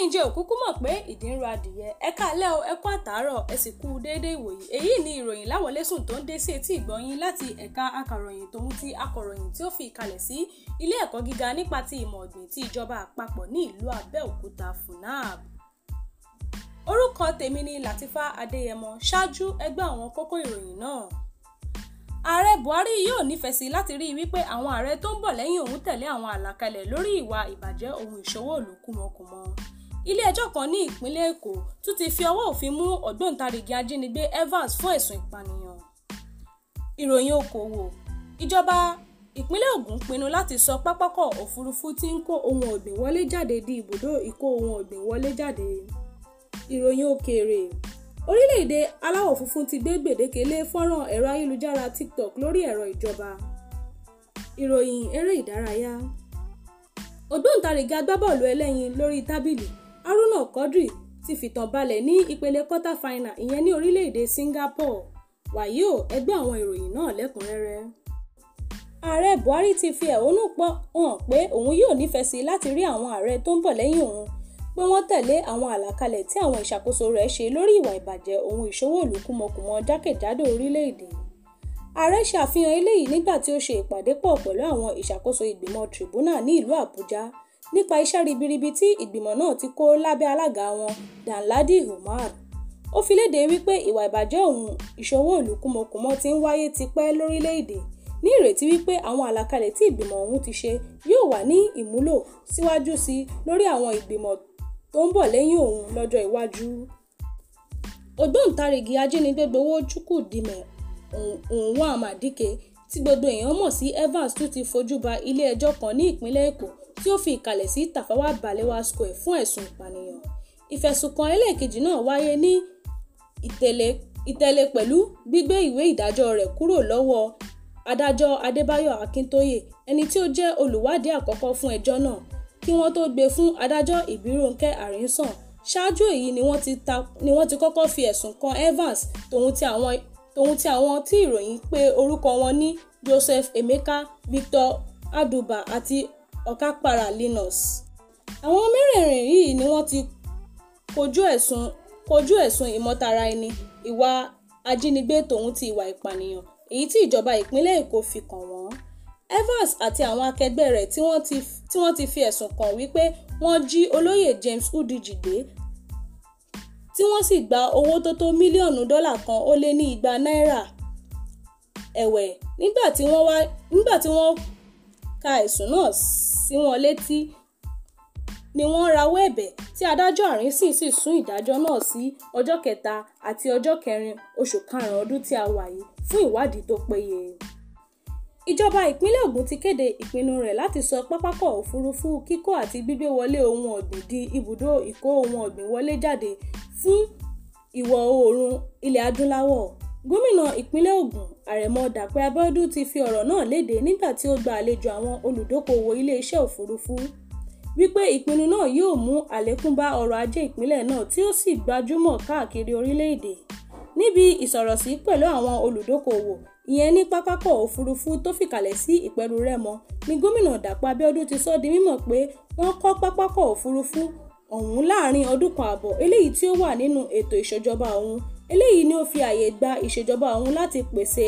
ẹ̀yin jẹ́ òkúkú mọ̀ pé ìdí ń ro adìyẹ ẹ káalẹ́ o ẹ kú àtàárọ̀ ẹ sì kú déédéé ìwòyí èyí ni ìròyìn láwọlẹ́sùn tó ń dé sí etí ìgbọ́yín láti ẹ̀ka akàròyìn tòun ti akọ̀ròyìn tí ó fi ìkalẹ̀ sí ilé ẹ̀kọ́ gíga nípa ti ìmọ̀ ọ̀gbìn ti ìjọba àpapọ̀ ní ìlú Abẹ́òkúta FUNAAB orúkọ tèmi ni Latifa Adéyẹmọ ṣáájú ẹgbẹ́ àwọn kókó ìròyìn náà ààrẹ buhari yóò nífẹ̀ẹ́ sí láti rí i wípé àwọn ààrẹ tó ń bọ̀ lẹ́yìn òun tẹ̀lé àwọn àlàkalẹ̀ lórí ìwà ìbàjẹ́ ohun ìṣòwò ìlú kùmọ̀kùmọ̀ ilé-ẹjọ́ kan ní ìpínlẹ̀ èkó tún ti fi ọwọ́ òfin mú ọ̀gbọ́ntarìgì ajínigbé Evans fún ẹ̀sùn ìpànìyàn ìròyìn okòwò ìjọba ìpínlẹ̀ Ògùn pinnu láti sọ pápákọ̀ òfurufú tí ń kó ohun ọ̀gbìn wọlé jáde di ibùdó ìkó ohun ọ̀gbìn wọlé jáde ìròyìn òkèèrè orílẹ̀-èdè aláwọ̀ funfun ti gbé gbèdéke lé fọ́nrán ẹ̀rọ ayélujára TikTok lórí ẹ̀rọ ìjọba ìròyìn eré ìdárayá ògbóǹtarìgì agbábọ́ọ̀lù ẹlẹ́yin lórí tábìlì haruna quadri ti fìtàn balẹ̀ ní ìpele quarter final ìyẹn ní orílẹ̀-èdè singapore wàyí o ẹgbẹ́ àwọn ìròyìn náà lẹ́kùnrẹ́rẹ́ ààrẹ buhari ti fi ẹ̀hónú hàn pé òun yóò nífẹ̀ẹ́ sí láti rí àwọn ààrẹ tó ń bọ̀ lẹ́yìn òun pé wọ́n tẹ̀lé àwọn àlàkalẹ̀ tí àwọn ìṣàkóso rẹ̀ ṣe lórí ìwà ìbàjẹ́ ohun ìṣòwò ìlú kùmọ̀kùmọ̀ jákèjádò orílẹ̀-èdè ààrẹ ṣàfihàn eléyìí nígbà tí ó ṣe ìpàdé pọ̀ pẹ̀lú àwọn ìṣàkóso ìgbìmọ̀ tribunal ní ìlú àbújá nípa iṣẹ́ ribiribi tí ìgbìmọ̀ náà ti kó lábẹ́ alága wọn Danladi Umar ó fi léde wípé ìwà ìbàjẹ́ ohun ìṣòwò ìlú kùmọ̀kùmọ̀ ti ń wáyé tipẹ́ lórílẹ̀‐èdè ní ìrètí wípé àwọn àlàkalẹ̀ tí ìgbìmọ̀ ọ̀hún ti ṣe yóò wà ní ìmúlò síwájú sí lórí àwọn ìgbìmọ̀ tó ń bọ̀ lẹ́yìn òun lọ́jọ́ iwájú. ògbóǹtarìgì ajínigbé gbowó Chukwudime Onwuamadike tí gbogbo èèyàn mọ̀ sí Evans tún ti fojú ba ilé-ẹjọ́ kan ní ìpínlẹ̀ Èkó tí ó fi ìkàlẹ̀ sí Tafawa Balewa Square fún ẹ̀sùn ìpànìyàn ìfẹ̀sùnkàn ẹlẹ́ẹ̀kejì náà wáyé ní ìtẹ̀lé pẹ̀lú gbígbé ìwé ìdájọ́ rẹ̀ kúrò lọ́wọ́ adájọ́ Adébáyọ̀ Akíntóyè ẹni tí ó jẹ́ olùwádìí àkọ́kọ́ fún ẹjọ́ náà kí wọ́n tó gbé e fún adájọ́ Ìbíròǹkẹ́ Àrínsàn ṣáájú èyí ni wọ́n ti kọ́kọ́ fi ẹ̀sùn kan Evans tòun ti àwọn tòun ti àwọn tí ìròyìn pé orúkọ wọn ní Joseph Emeka Victor Aduba àti Ọ̀kápara Linus. àwọn mẹ́rẹ̀ẹ̀rin yìí ni wọ́n ti kojú ẹ̀sùn kojú ẹ̀sùn ìmọ̀tara ẹni ìwà ajínigbé tòun ti ìwà ìpànìyàn èyí tí ìjọba ìpínlẹ̀ Èkó fi kàn wọ́n. Evans àti àwọn akẹgbẹ́ rẹ̀ tí wọ́n ti fi ẹ̀sùn kàn wípé wọ́n jí olóyè James Udigi gbé tí wọ́n sì gba owó tó tó mílíọ̀nù dọ́là kan ó lé ní igba náírà ẹ̀wẹ̀ nígbà tí wọ́n wá nígbà tí wọ́n ka ẹ̀sùn náà sí wọn létí ni wọ́n rawọ́ ẹ̀bẹ̀ tí adájọ́ àrínsìn sì sún ìdájọ́ náà sí ọjọ́ kẹta àti ọjọ́ kẹrin oṣù karùn-ún ọdún tí a wà yìí fún ìwádìí tó péye. ìjọba ìpínlẹ̀ Ògùn ti kéde ìpinnu rẹ̀ láti sọ pápákọ̀ òfurufú kíkó àti gbígbé wọlé ohun ọ̀gbìn di ibùdó ìkó ohun ọ̀gbìn wọlé jáde fún ìwọ̀ oòrùn ilẹ̀ adúláwọ̀ gómìnà ìpínlẹ̀ ogun Àrẹ̀mọ Dàpọ̀ Abíọ́dún ti fi ọ̀rọ̀ náà léde nígbà tí ó gba àlejò àwọn olùdókòwò iléeṣẹ́ òfurufú wípé ìpinnu náà yóò mú àlékún bá ọrọ̀ ajé ìpínlẹ̀ náà tí ó sì gbajúmọ̀ káàkiri orílẹ̀-èdè níbi ìsọ̀rọ̀sí pẹ̀lú àwọn olùdókòwò ìyẹn ní pápákọ̀ òfurufú tó fìkàlẹ̀ sí ìpẹ̀rù rẹ́mọ ni gómìnà Dàpọ̀ Abíọ́dún ti sọ di mímọ̀ pé wọ́n kọ́ pápákọ̀ òfurufú ọ̀hún láàrin ọdún kan àbọ̀ eléyìí tí ó wà nínú ètò ìṣèjọba ọ̀hún eléyìí ni ó fi àyè gba ìṣèjọba ọ̀hún láti pèsè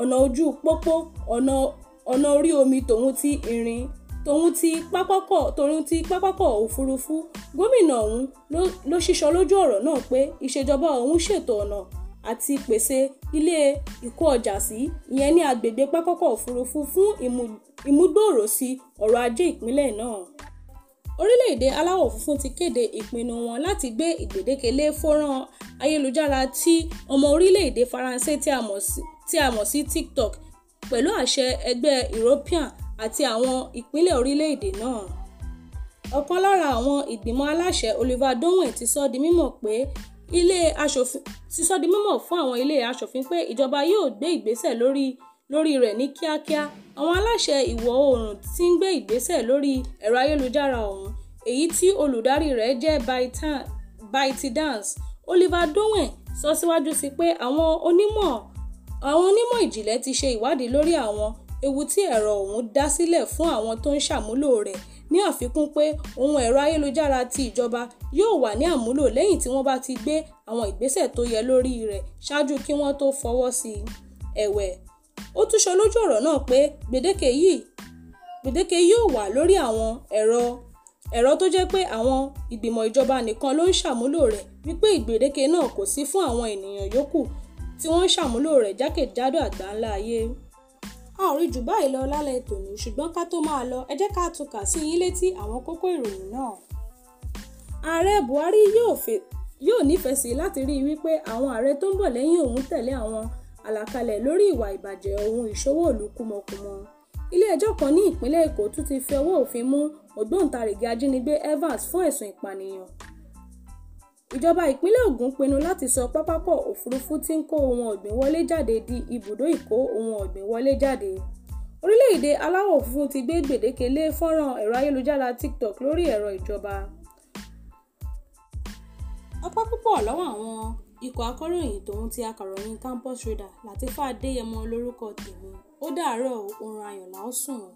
ọ̀nà ojú pópó ọ̀nà ọ̀nà orí omi tòun ti irin tòun ti pápákọ̀ tòun ti pápákọ̀ òfurufú gómìnà ọ̀hún ló ṣíṣọ lójú ọ̀rọ̀ náà pé ìṣèjọba ọ̀hún ṣètò ọ̀nà àti pèsè ilé ìkó ọjà sí ìyẹn ní agbègbè pápákọ̀ òfurufú fún ìmúgbòòrò sí ọrọ̀ ajé ìpínlẹ̀ náà orílẹ̀-èdè aláwọ̀ funfun ti kéde ìpinnu wọn láti gbé ìgbèdéke lé fọ́nrán ayélujára tí ọmọ orílẹ̀-èdè faransé tí a mọ̀ sí tiktok pẹ̀lú àṣẹ ẹgbẹ́ european àti àwọn ìpínlẹ̀ orílẹ̀-èdè náà ọ̀kan lára àwọn ìgbìmọ̀ aláṣẹ Oliver Dowen ti sọ di mímọ̀ pé ilé aṣòfin ti sọ di mímọ̀ fún àwọn ilé aṣòfin pé ìjọba yóò gbé ìgbésẹ̀ lórí lórí rẹ̀ ní kíákíá àwọn aláṣẹ ìwọ̀ oòrùn ti ń gbé ìgbésẹ̀ lórí ẹ̀rọ ayélujára ọ̀hún èyí tí olùdarí rẹ̀ jẹ́ ByteDance Oliver Dowen sọ síwájú sí pé àwọn onímọ̀ àwọn onímọ̀ ìjìnlẹ̀ ti ṣe ìwádìí lórí àwọn ewu tí ẹ̀rọ ọ̀hún dá sílẹ̀ fún àwọn tó ń ṣàmúlò rẹ̀ ní àfikún pé ohun ẹ̀rọ ayélujára ti ìjọba yóò wà ní àmúlò lẹ́yìn tí wọ́n bá ti gbé àwọn ìgbésẹ̀ tó yẹ lórí rẹ̀ ṣáájú kí wọ́n tó fọwọ́ sí i ó tún sọ lójú ọ̀rọ̀ náà pé gbèdéke yìí gbèdéke yóò wà lórí àwọn ẹ̀rọ ẹ̀rọ tó jẹ́ pé àwọn ìgbìmọ̀ ìjọba nìkan ló ń ṣàmúlò rẹ̀ wípé ìgbèdéke náà kò sí fún àwọn ènìyàn yòókù tí wọ́n ń ṣàmúlò rẹ̀ jákèjádò àgbáńlá ayé. a ò rí jù báyìí lọ lálẹ́ tòní ṣùgbọ́n ká tó máa lọ ẹ jẹ́ ká tún sí yín létí àwọn kókó ìròyìn náà. ààrẹ buhari yóò nífẹ̀ẹ́ sí láti rí i wípé àwọn ààrẹ tó ń bọ̀ lẹ́yìn òun tẹ̀lé àwọn àlàkalẹ̀ lórí ìwà ìbàjẹ́ ohun ìṣòwò ìlú kúmọkùmọ. Ilé-ẹjọ́ kan ní ìpínlẹ̀ Èkó tún ti fi ọwọ́ òfin mú ògbóǹtarìgì ajínigbé Evans fún ẹ̀sùn ìpànìyàn. Ìjọba ìpínlẹ̀ Ògùn pinnu láti sọ pápákọ̀ òfurufú tí ń kó ohun ọ̀gbìn wọlé jáde di ibùdó ìkó ohun ọ̀gbìn wọlé jáde. Orílẹ̀-èdè aláwọ̀ funfun ti gbé gbèdéke lé fọ́nrán ẹ̀rọ ayélujára TikTok lórí ẹ̀rọ ìjọba. Ọpẹ́ púpọ̀ lọ́wọ́ àwọn ikọ̀ akọ̀ròyìn tòun ti akọ̀ròyìn campus radar látìfá adéyẹmọ lórúkọ tèmi ó dàárọ̀ oorun ayọ̀ la ó sùn o